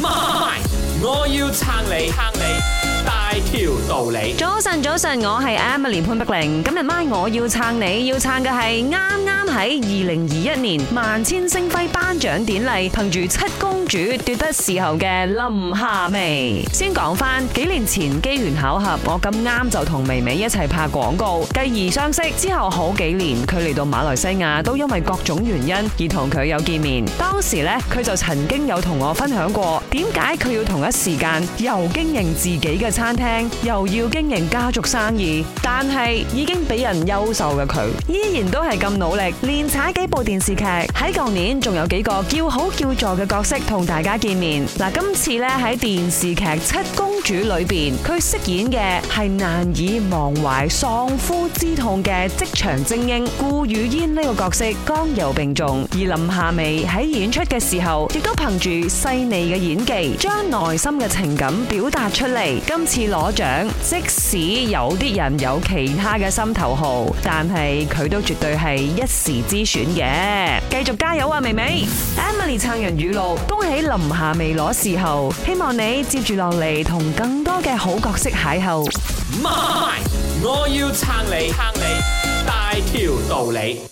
媽咪，我要撐你，撐你大條道理。早晨，早晨，我係 Emily 潘碧玲。今日晚我要撐你，要撐嘅係啱啱喺二零二一年萬千星輝頒獎典禮，憑住七公奪得視后嘅林夏薇，先講返幾年前機緣巧合，我咁啱就同薇薇一齊拍廣告，繼而相識。之後好幾年，佢嚟到馬來西亞，都因為各種原因而同佢有見面。當時呢，佢就曾經有同我分享過，點解佢要同一時間又經營自己嘅餐廳，又要經營家族生意？但係已經俾人優秀嘅佢，依然都係咁努力，連踩幾部電視劇。喺舊年，仲有幾個叫好叫座嘅角色同，大家見面嗱，今次咧喺電視劇《七公主》裏邊，佢飾演嘅係難以忘懷喪夫之痛嘅職場精英顧雨嫣呢個角色，剛柔並重。而林夏薇喺演出嘅時候，亦都憑住細膩嘅演技，將內心嘅情感表達出嚟。今次攞獎，即使有啲人有其他嘅心頭好，但係佢都絕對係一時之選嘅。繼續加油啊，薇薇！Emily 撐人語錄，恭喜！喺林下未攞時候，希望你接住落嚟，同更多嘅好角色邂逅。我我要撐你撐你大條道理。